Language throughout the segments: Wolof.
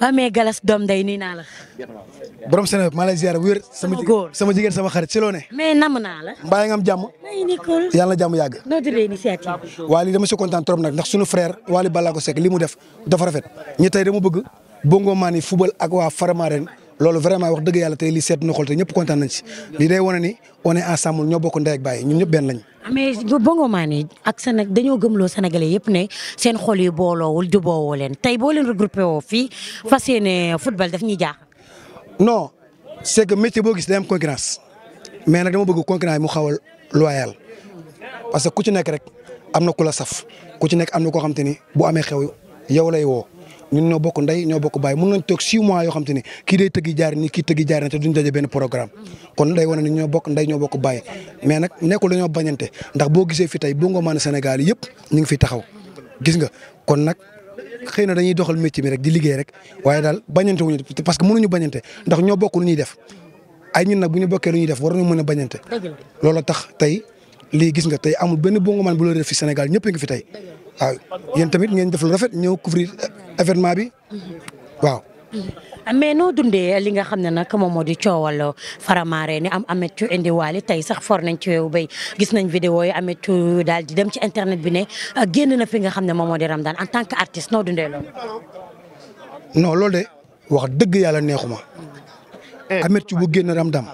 waa mais Galas doom day nii naa la. borom Sénégal maa lay ziar wér. sama góor sama jigéen sama xarit si loo ne. mais nam naa la. mbaa nga am jàmm. yàlla na jàmm yàgg. noo tuddee initiative bi. waa lii dama si kontaan trop nag ndax sunu frère Waly Ballago Seck li mu def dafa rafet ñu tey dama bëgg bongo maan yi football ak waa Faramaren loolu vraiment wax dëgg yàlla tey lii seet na xool te ñëpp kontaan nañ si lii day wane ni on est ensemble ñoo bokk ndey ak baay ñun ñëpp benn lañ. mais Bongo Mané ak Séné dañoo gëmloo sénégalais yëpp ne seen xol yi booloowul jubboowoo leen tey boo leen regroupé woo fii fa yéene football daf ñuy jaax. no c' est que métier boo gis day am concurrence mais nag dama bëgg concurrence yi mu xaw a loyal parce que ku ci nekk rek am na ku la saf ku ci nekk am na koo xam te ni bu amee xew yow lay woo. ñun ñoo bokk ndey ñoo bokk baay mën nañ toog six mois yoo xam te ne kii day tëggi jaar nii kii tëggi jaar na te duñ daje benn programme kon day wane ne ñoo bokk ndey ñoo bokk baay mais nag nekkul dañoo bañante ndax boo gisee fi tey bu nga mën Sénégal yëpp ñu ngi fi taxaw gis nga kon nag xëy na dañuy doxal métier bi rek di liggéey rek waaye daal bañante wuñu parce que mënuñu bañante ndax ñoo bokk lu ñuy def ay ñun nag bu ñu bokkee lu ñuy def war nañu mën a bañante loolu tax tey lii gis nga tey amul benn bongoman bu la réer fi Sénégal ñëpp a ngi fi tey waaw yéen tamit ngeen def lu rafet ñëw couvrir événement bi waaw. Mm-hmm. mais noo dundee li nga xam ne nag moom moo di coowal ni am Ameth Thiou indiwaale tey sax for nañ ci weewu gis nañ vidéo yi Ameth Thiou daal di dem ci internet bi ne euh, génn na fi nga xam ne moom moo di Ramdan en tant que artiste noo dundee loolu. non loolu de wax dëgg yàlla neexuma. Eh. Ameth Thiou bu génn Ramdan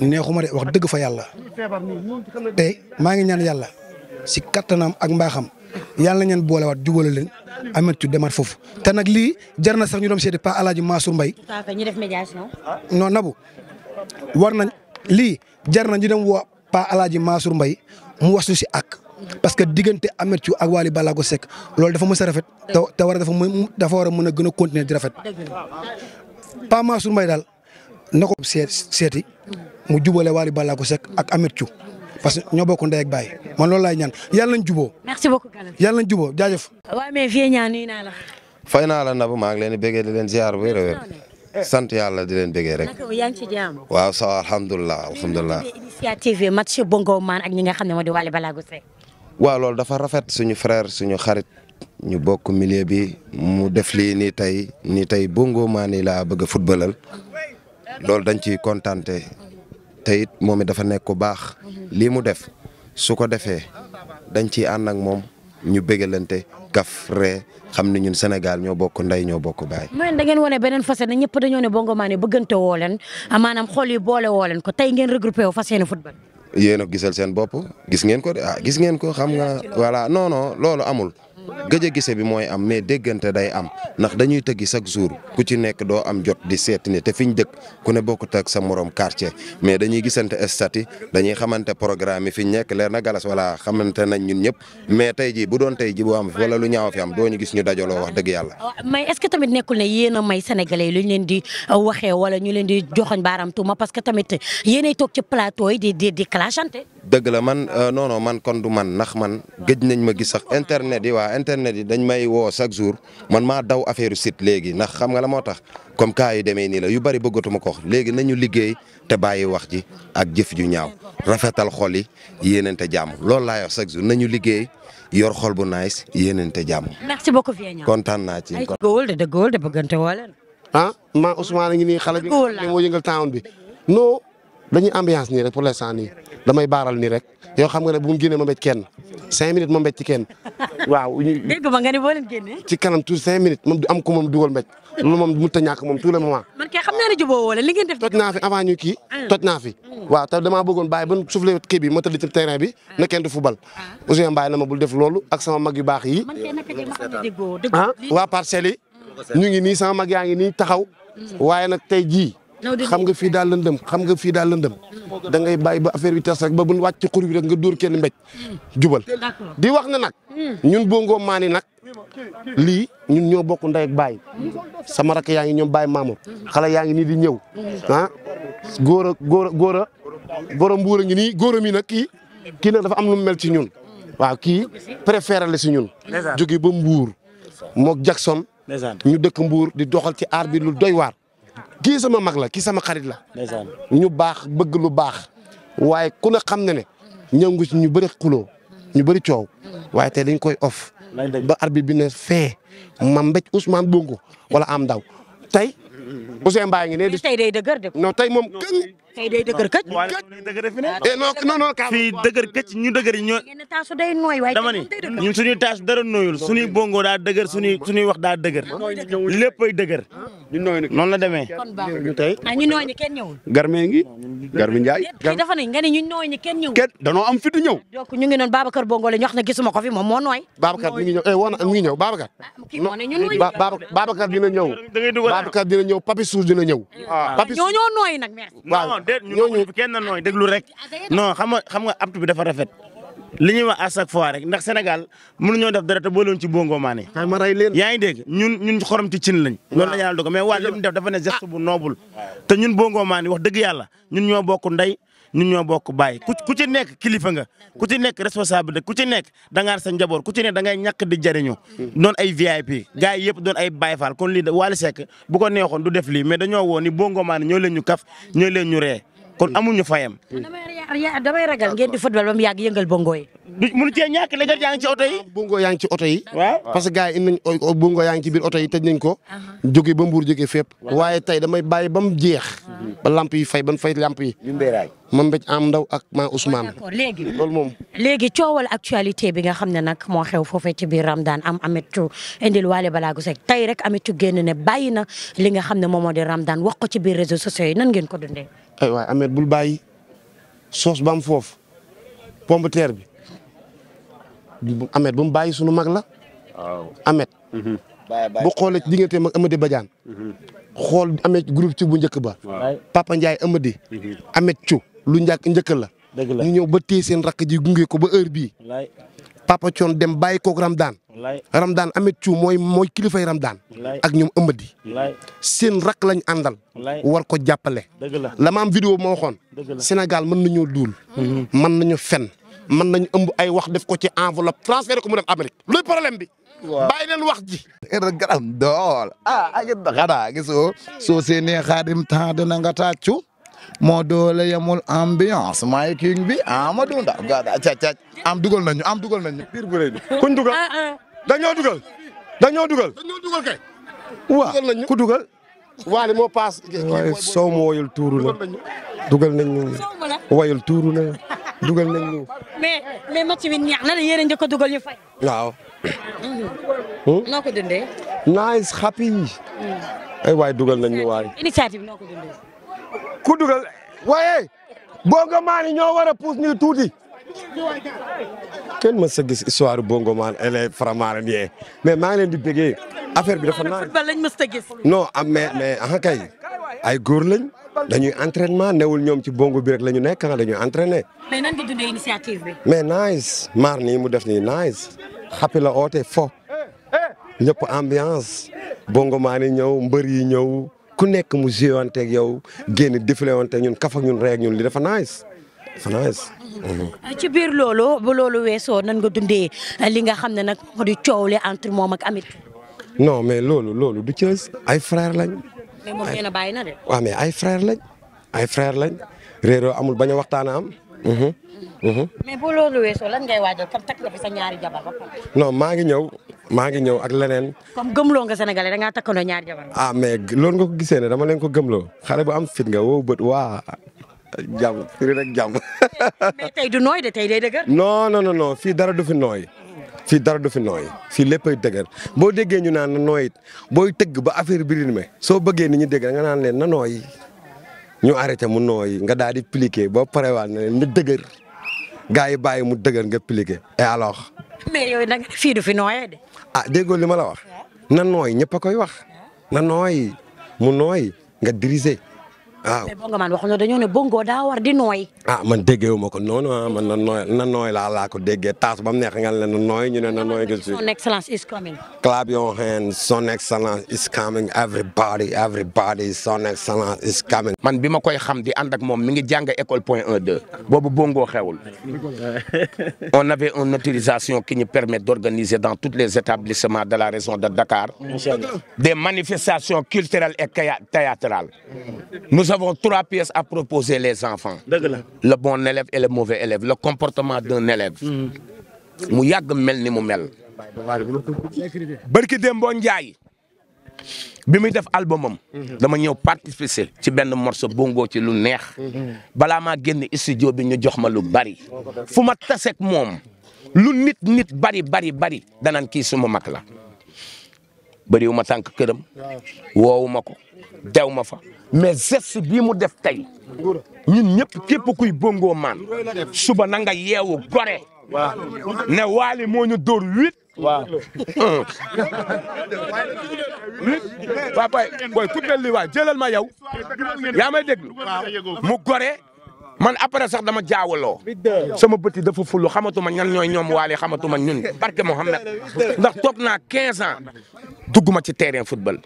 neexuma de wax dëgg fa yàlla te maa ngi ñaan yàlla si kattanam ak mbaaxam yàlla na ñu boolewaat jubale leen amet ci demaat foofu te nag lii jar na sax ñu doon seeti Pa El Hadj mbay Mbaye. ñu def médiation. non Nabou war nañ lii jar na ñu dem woo Pa El Hadj Mansour Mbaye mu wasu si ak parce que diggante Ameth Thiou ak Wally Ballago Seck loolu dafa mës a rafet. te war a dafa dafa war a mën a gën a continuer di rafet. Pa Mansour Mbaye daal ne ko seeti mu jubale Wally Ballago Seck ak Ameth Thiou parce que ñoo bokk ndey ak baay man loolu laay ñaan yàlla nañ juboo. merci beaucoup Galas yàlla nañ juboo jaajëf. waaw mais Vienya nuyu naa la. fay naa la Nabou leen di bëggee di leen ziar bu wér a wér sant yàlla di leen bëggee rek. naka yaa ngi ci jàmm. waaw ça va alhamdulilah alhamdulilah. initiative ñi nga xam ne moo di Wally Ballago dafa rafet suñu frère suñu xarit ñu bokk milieu bi mu def lii nii tey nii tey Bongo Man yi laa bëgg a loolu dañ ciy kontaante te it moom it dafa nekk ku baax lii mu def su ko defee dañ ciy ànd ak moom ñu bégalante kaf ree xam ne ñun Sénégal ñoo bokk ndey ñoo bokk baay. mooy da ngeen wane beneen fas yéene ñëpp dañoo ne Bongo Mané bëggante woo leen maanam xol yi boole woo leen ko tey ngeen regroupé wu fas yéene football. yéen a gisal seen bopp gis ngeen ko de ah gis ngeen ko xam nga voilà non loolu amul. gëj a gise bi mooy am mais déggante day am ndax dañuy tëggi chaque jour ku ci nekk doo am jot di seeti ni te fi ñu dëkk ku ne bokkut ak sa morom quartier mais dañuy gisante statut dañuy xamante programme yi fi ñu nekk leer na galas wala xamante nañ ñun ñëpp mais tey jii bu doon tey ji bu am wala lu ñaaw fi am doo ñu gis ñu dajaloo wax dëgg yàlla. mais est-ce que tamit nekkul ne yéen a may sénégalais yi lu ñu leen di waxee wala ñu leen di joxoñ baaram tuuma parce que tamit yéenay toog ci plateau man euh, non non man kon du man ndax man nañ ma gis sax internet yi waa internet yi dañ may woo chaque jour man maa daw affaire site léegi ndax xam nga la moo tax comme cas yu demee nii la yu bëri bëggatuma ko léegi nañu liggéey te bàyyi wax ji ak jëf ju ñaaw rafetal xol yi te jàmm loolu laay wax chaque jour nañu liggéey yor xol bu nice yéenante jàmm. merci beaucoup Vieux kontaan naa ci. ay góol de góol de bëggante wala. ah maa Ousmane ngi nii xale bi. góol bi. non dañuy ambiance nii rek pour l'instant nii damay baaral nii rek. yoo xam nga ne bu mu génnee ma mbéj kenn cinq minutes ma mbéj ci kenn waaw. dégg nga nga ni boo leen génnee. ci kanam tout cinq minutes moom am ko moom dugal mbéj loolu moom mënut a moom tout le moment. man naa ne jubóo wala toj naa avant ñu kii. Ah. toj naa fi. waaw te damaa bëggoon baay ba soufflé kii bi ma tëdd ci terrain bi ah. na kenn du football. Ah. Ousseyn Mbaye na ma bul def loolu ak sama mag yu baax yi. ah waa parcelles yi mm. ñu ngi nii sama mag yaa ngi nii taxaw mm. waaye nag tey jii xam nga fii daal lëndëm xam nga fii daal lëndëm da ngay bàyyi ba affaire bi tas rek ba bu wàcc ci xur bi rek nga dóor kenn mbéj jubal di wax na nag ñun Bongo Mané nag lii ñun ñoo bokku ndey ak baay sama rakk yaa ngi ñoom baay Mamour xale yaa ngi nii di ñëw ah góor a góor a góor a borom mbuur a nii góor a mi nag kii kii nag dafa am lu mel ci ñun waaw kii préféré si ñun jóge ba mbuur mook Jackson ñu dëkk mbuur di doxal ci aar bi lu doy waar kii sama mag la kii sama xarit la. ñu baax bëgg lu baax. waaye ku ne xam na ne. ñëngu si ñu bëri xuloo ñu bëri coow. waaye tey dañ koy off. ba arbitre bi ne fee. ma mbéj Ousmane Bongo wala am daw tey. Mm-hmm. Ousseyn Mbaye ngi ne. tey day tey moom. tey day dëgër këcc. non non fii dëgër këcc ñu dëgër ñoo. dama ni ñun suñuy taas dara nooyul suñuy bongo daa dëgër suñuy wax daa dëgër léppay dëgër. noonu la demee. ah ñu nooy ñi kenn ñëwul. Garmi ngi Garmi Ndiaye. kii dafa ne nga ni ñu nooy ñi kenn ñëwul. kenn danoo am fitu ñëw. Ah, donc ñu ngi noonu Babacar Bongo la ñu wax ne dina ñëw. Papi Suus dina ñëw. waaw ah. ñoo nooy nag merci. ñooñu kenn nooy déglu rek non xam nga xam nga aptu bi dafa rafet. li ñuy wax à chaque fois rek ndax Sénégal mënuñoo def dara te boole ci bongo maane. xay ma rey leen yaa ngi dégg ñun ñun xorom ci cin lañ. loolu la ñu yàlla dogal mais waa li def dafa ne ah. bu noble te ñun bongo maane wax dëgg yàlla ñun ñoo bokk ndey ñun ñoo bokk bàyyi ku ci nekk kilifa nga ku ci nekk responsable ku ci nekk da ngaa sa njaboot ku ci nekk dangay ngay ñàkk di jëriñu. doon ay VIP gars yi yëpp doon ay Baye Fall kon lii da Wally Seck bu ko neexoon du def lii mais dañoo woo ni boo ngoomaane ñoo leen ñu kaf ñoo leen ñu ree kon amuñu fayam. damay ragal ngeen di football ba mu yàgg yëngal bongo yi. mënu cee ñàkk léegi yaa ngi ci oto yi. Ah, bongo yaa ngi ci oto yi. waaw parce que gars yi oh, oh, ci biir oto yi tëj nañ ko. Uh-huh. jóge ba mbuur jóge fépp. waaye tey damay bàyyi ba mu jeex. Uh-huh. ba lamp yi fay ban fay lamp yi. ma mbéy am ndaw ak maa Ousmane. d'accord léegi loolu moom. léegi coowal actualité bi nga xam ne nag moo xew foofe ci biir Ramadan am Amethou waale Wally Ballago Seck tey rek Amethou génn ne bàyyi na li nga xam ne moom moo di Ramadan wax ko ci biir réseaux nan ngeen ko dundee. soos ba am foofu pomme de terre bi Amet ba mu bàyyi sunu mag la. waaw Amet. Mhm. bu xoolee ci diggante mag Amady Badiane. Mhm. xool Amet groupe ci bu njëkk ba. Papa Ndiaye Amady. Mhm. Amet Thiou lu njàkk njëkk la. dëgg la ñëw ba téye seen rakk ji gunge ko ba heure bii. papa Thion dem bàyyi koog Ramdaan. Ramdaan Amet Thiou mooy mooy kilifay Ramdaan. ak ñoom ëmbadi. seen rak lañ àndal. war ko jàppale. la ma am vidéo moo waxoon. Sénégal mën nañoo duul. Mhm. mën nañu fen mën nañu ëmb ay wax def ko ci enveloppe transféré ko mu dem Amérique luy problème bi. waaw bàyyi leen wax ji. garam dool ah ak xanaa gisoo soo seenee xaadim temps dina nga moo doole yemul ambiance maay king bi Amadou Ndaw gada cac am dugal nañu am dugal nañu biir bu rëy bi kuñ dugal ah, ah. dañoo dugal dañoo dugal dañoo dugal kay waaw ku dugal waale moo paas waaye sow ma woyul tuuru la dugal nañ ñu woyul tuuru la dugal nañ ñu mais mais match bi na la yéen a njëkk a ñu hmm. Hmm? ko dundee hmm. waay dugal nañ ñu waay ku dugal waaye Bongo yi ñoo war a puus nii tuuti. kenn mës a gis histoire Bongo Maane et les Faramaren yee mais maa ngi leen di bëggee affaire bi dafa naan football lañ mës a gis. mais mais ah kay ay góor lañ dañuy entraînement newul ñoom ci bongo bi rek la ñu nekk ah dañuy entraîner. mais nan nga maar nii mu def nii nice xapi la oote fo ñëpp ambiance Bongo Maane ñëw mbër yi ñëw. ku nekk mu joué wanteeg yow génn défilé wanteeg ñun kaf ñun rey ñun li dafa nice dafa nice. Mm-hmm. ci biir loolu bu loolu weesoo nan nga dundee li nga xam ne nag moo di coow li entre moom ak Amit. non mais loolu loolu du cës ay frère lañ. mais moom na bàyyi ay frère lañ ay frère lañ réeroo amul bañ a am. Mm-hmm. Mm-hmm. mais bu loolu weesoo lan ngay waajal kon takk nga fi sa ñaari jabar ba non maa ngi ñëw maa ngi ñëw ak leneen. comme gëmloo nga Sénégalais da ngaa takkandoo ñaar jabar. ah mais loolu nga ko gisee dama leen ko gëmloo xale bu am fit nga wow bët waa jàmm firi rek jàmm. mais tey du nooy de tey day dëgër. non non non fii dara du fi nooy. fii dara du fi nooy fii léppay dëgër boo déggee ñu naan na nooy booy tëgg ba affaire bi soo bëggee ni ñu dégg nga naan leen na nooy ñu arrêté mu nooy nga daal di boo pareewaat na leen na dëgër gars yi bàyyi mu dëgër nga pliqué et alors. mais yooyu nag fii du fi nooyee ah déggoo li ma la wax. na nooy ñëpp a koy wax. na nooy mu nooy nga diriger. waaw mais bongo man waxuñu dañoo ne bongo daa war di nooy. ah man déggeewu ma ko noonu ah man na nooy na nooy laa laa ko déggee taas ba mu neex nga ne na nooy ñu ne na nooy. gis son excellence is coming. clap your hands son excellence is coming everybody everybody son excellence is coming. man bi ma koy xam di ànd ak moom mi ngi jàng école point 1 2 boobu bongo xewul. on avait une autorisation qui nous permet d'organiser dans tous les établissements de la région de Dakar. des manifestations culturelles et théâtrales. Nous avons trois pièces à proposer les enfants. dëgg la le bon élève et la comportement d'un élève. Mm-hmm. mu yàgg mel ni mu mel. barki Dembo Ndiaye bi muy def albumam mm-hmm. dama ñëw participer ci benn morceau bongo ci lu neex. Mm-hmm. balaa maa génn studio bi ñu jox ma lu bari. fu ma taseeg moom lu nit nit bari bari bari danan kii suma mag la. bëriwu ma tànk këram woowu ma ko dew ma fa mais geste bii mu def tey ñun ñëpp képp kuy bongo maan suba na nga yeewu gore ne waali moo ñu dóor huit waaw huit papa booy li waay jëlal ma yow yaa may mu gore man après sax dama jaawaloo sama bët yi dafa fulu xamatuma ñan ñooy ñoom waale xamatuma ñun barke Mohamed ndax toog naa 15 ans dugguma ci terrain football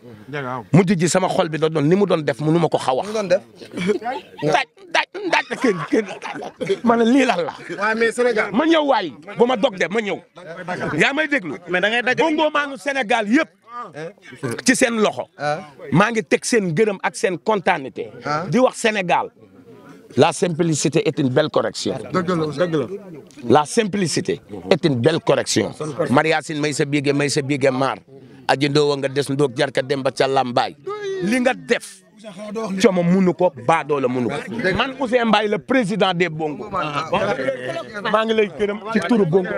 mujj ji sama xol bi da doon ni mu doon def mënu ma ko xaw a. daaj daaj daaj kenn kenn ma ne la. waaw ma ñëw waay bu ma dog de ma ñëw. yaa may déglu. mais da ngay daj bongo maanu Sénégal yëpp. ci seen loxo. Ah. maa ngi teg seen gërëm ak seen kontaanite. Ah. di wax Sénégal. la simplicité est une belle correction. La simplicité est une belle correction. Maria Sine may sa bige may sa bige maar aji ndoowa nga des ndoog jarka dem ba ca Lambaay li nga def coomo munu ko baadoo la munu ko man Ouzin Mbaye le président des Bongo maa ngi lay gërëm ci turu Bongo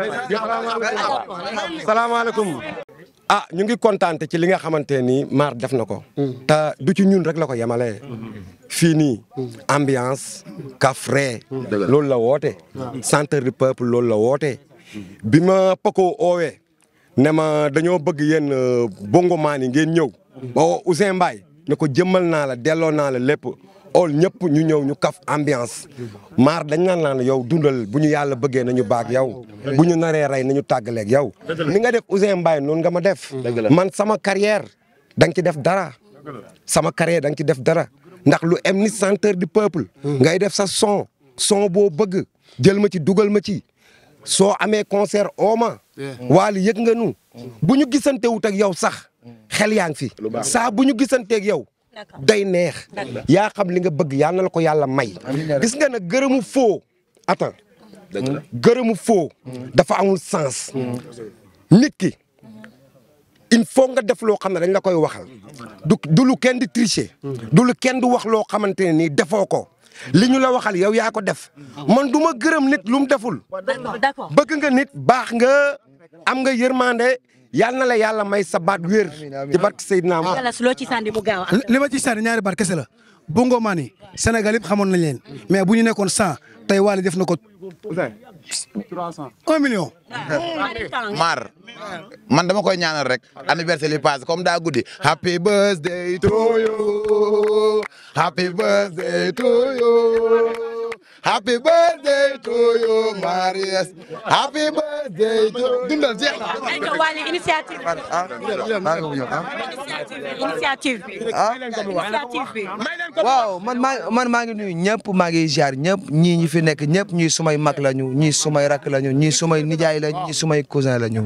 salaamaaleykum ah ñu ngi kontaante ci li nga xamante ni Mar def na ko. Mm. te du ci ñun rek la ko yemalee. Mm. fii nii mm. ambiance kafre loolu la woote. centre du peuple loolu la woote. bi ma Paco oowee ne ma dañoo bëgg yéen euh, bongo maan yi ngeen ñëw. ba Ousseyn Mbaye ne ko jëmmal naa la delloo naa la lépp. ol ñëpp ñu ñëw ñu kaf ambiance maar dañ naan naan yow dundal bu ñu yàlla bëggee na ñu baak yow bu ñu naree rey ñu tàggaleeg yow ni nga def Ouzin Mbaye noonu nga ma def man sama carrière da nga ci def dara sama carrière da nga ci def dara ndax lu em ni centre du peuple hmm. ngay def sa son son boo bëgg jël ma ci dugal ma ci soo amee concert ooma waali yëg nga nu hmm. bu ñu gisante wut ak yow sax xel yaa ngi fi saa bu ñu gisanteeg yow day neex yaa xam li nga bëgg yal na la ko yàlla may gis nga ne gërëmu foo attends gërëmu foo dafa amul sens nit ki il faut nga def loo xam ne dañ la koy waxal du du lu kenn di tricher du lu kenn di wax loo xamante ne nii defoo ko li ñu la waxal yow yaa ko def man du ma gërëm nit lu mu deful. d'accord bëgg nga nit baax nga am nga yërmande yàlla na la yàlla may sa baat wér. ci barke Seydina Amar. loo ci sànni mu li ma ci sànni ñaari baat kese la Bongo Mané Sénégal yëpp xamoon na leen mais bu ñu nekkoon 100 tey Wally def na ko. trois cent un Mar man dama koy ñaanal rek anniversaire li comme daa guddi. happy birthday to you happy birthday to you Marius dundal ah. ah. waaw man maa man maa ngi nuyu ñëpp maa ngi jaar ñëpp ñii ñi fi nekk ñëpp ñii sumay mag lañu ñii sumay rakk lañu ñii sumay nijaay lañu ñii sumay cousin lañu.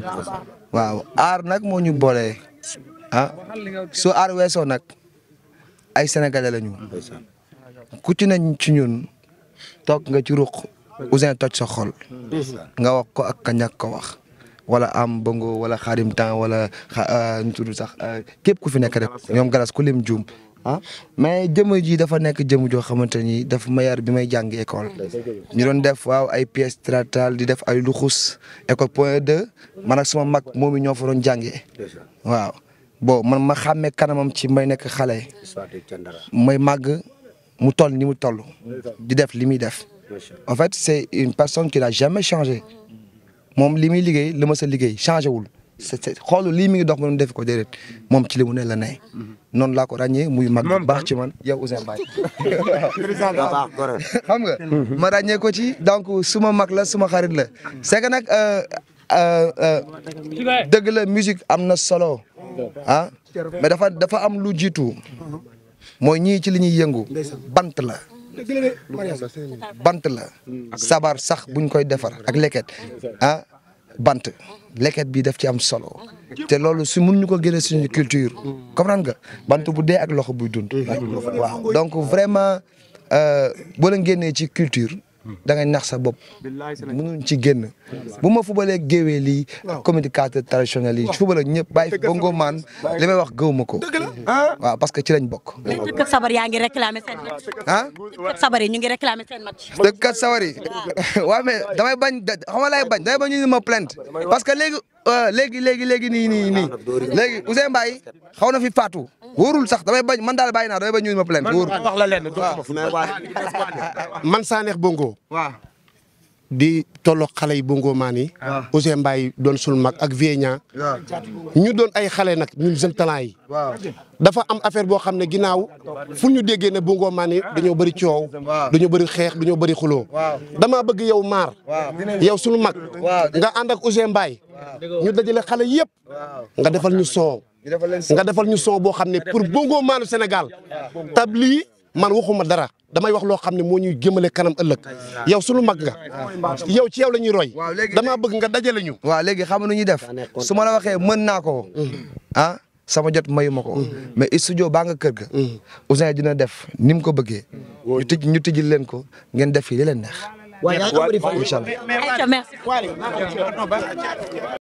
waaw aar nag moo ñu boole ah su aar weesoo nag ay sénégalais lañu ku ci nañ ci ñun toog nga ci ruq. Ouzin toj sa xol. nga wax ko ak ka ñàkk ko wax. wala am bongo wala xaarim temps wala xa ñu euh, tudd sax euh, képp ku fi nekk rek ñoom galas ku lim juum. ah mais jëmm ji dafa nekk jëmm joo xamante ni daf ma bi may jàng école. ñu doon def waaw ay pièces théâtrales di def ay luxus école point 2 man ak sama mag moom ñoo fa doon jàngee. waaw bon man ma xàmmee kanamam ci may nekk xale. may màgg mu toll ni mu toll. di def li muy def. en fait c'est une personne qui n'a jamais changé moom li muy liggéey la ma sa liggéey changé wul c'est xoolu lii mi ngi dox mënum def ko déedéet moom ci li mu ne la ne noonu laa ko ràññee muy mag baax ci man yow Ouzin Mbaye xam nga ma ràññee ko ci donc suma mag la suma xarit la c'est que nag euh, euh, euh, dëgg la musique am na solo ah mais dafa dafa am lu jiitu mooy ñii ci li ñuy yëngu bant la bant la sabar sax buñ koy defar ak leket ah bant leket bi daf ci am solo te loolu si mun ñu ko génne suñu culture comprendre nga bant bu dee ak loxo buy dund waaw donc vraiment euh, boo leen génnee ci culture da ngay nax sa bopp mënuñ ci génn bu ma fubalee géewee lii communicateur traditionnel yi fubal ak ñëpp bàyyi fi bongo maan li may wax ma ko ah. waaw parce que ci lañ bokk dëkkat sabar yaa ngi réclamé seen match ah dëkkat sabar yi ñu ngi réclamé seen match dëkkat sabar yi waaw mais damay bañ xam nga lay bañ damay bañ ñu ma plainte parce que léegi Euh, léegi léegi léegi nii nii nii léegi Ousseyn Mbaye xaw na fi faatu wóorul sax damay bañ man daal bàyyi naa damay bañ ñu ma plainte wóorul wax la lenn man Sanekh Bongo waaw di tolloog xale yi bongo maan yi. waaw ah. ah. Ousseyn doon suñu mag ak Viegna. ñu doon ay xale nag ñun jeune talent dafa am affaire boo xam ne ginnaaw fu ñu déggee ne bongo maan yi dañoo bëri coow. dañoo bëri xeex dañoo bari xuloo. dama bëgg yow maar. yow suñu mag. nga ànd ak Ousseyn Mbaye. ñu dajale xale yëpp. nga defal ñu son. nga defal ñu son boo xam ne pour bongo maanu Sénégal. tab man waxuma dara damay wax loo xam ne moo ñuy jëmale kanam ëllëg yow sunu mag nga yow ci yow la ñuy roy damaa bëgg nga dajale ñu. waaw léegi xam nu ñuy def su ma la waxee mën naa ko mm-hmm. ah sama jot mayu ma ko mm-hmm. mais studio baa nga kër ga mm-hmm. Ouzin dina def ni mu ko bëggee ñu tij leen ko ngeen def yi leen neex. waaw yaa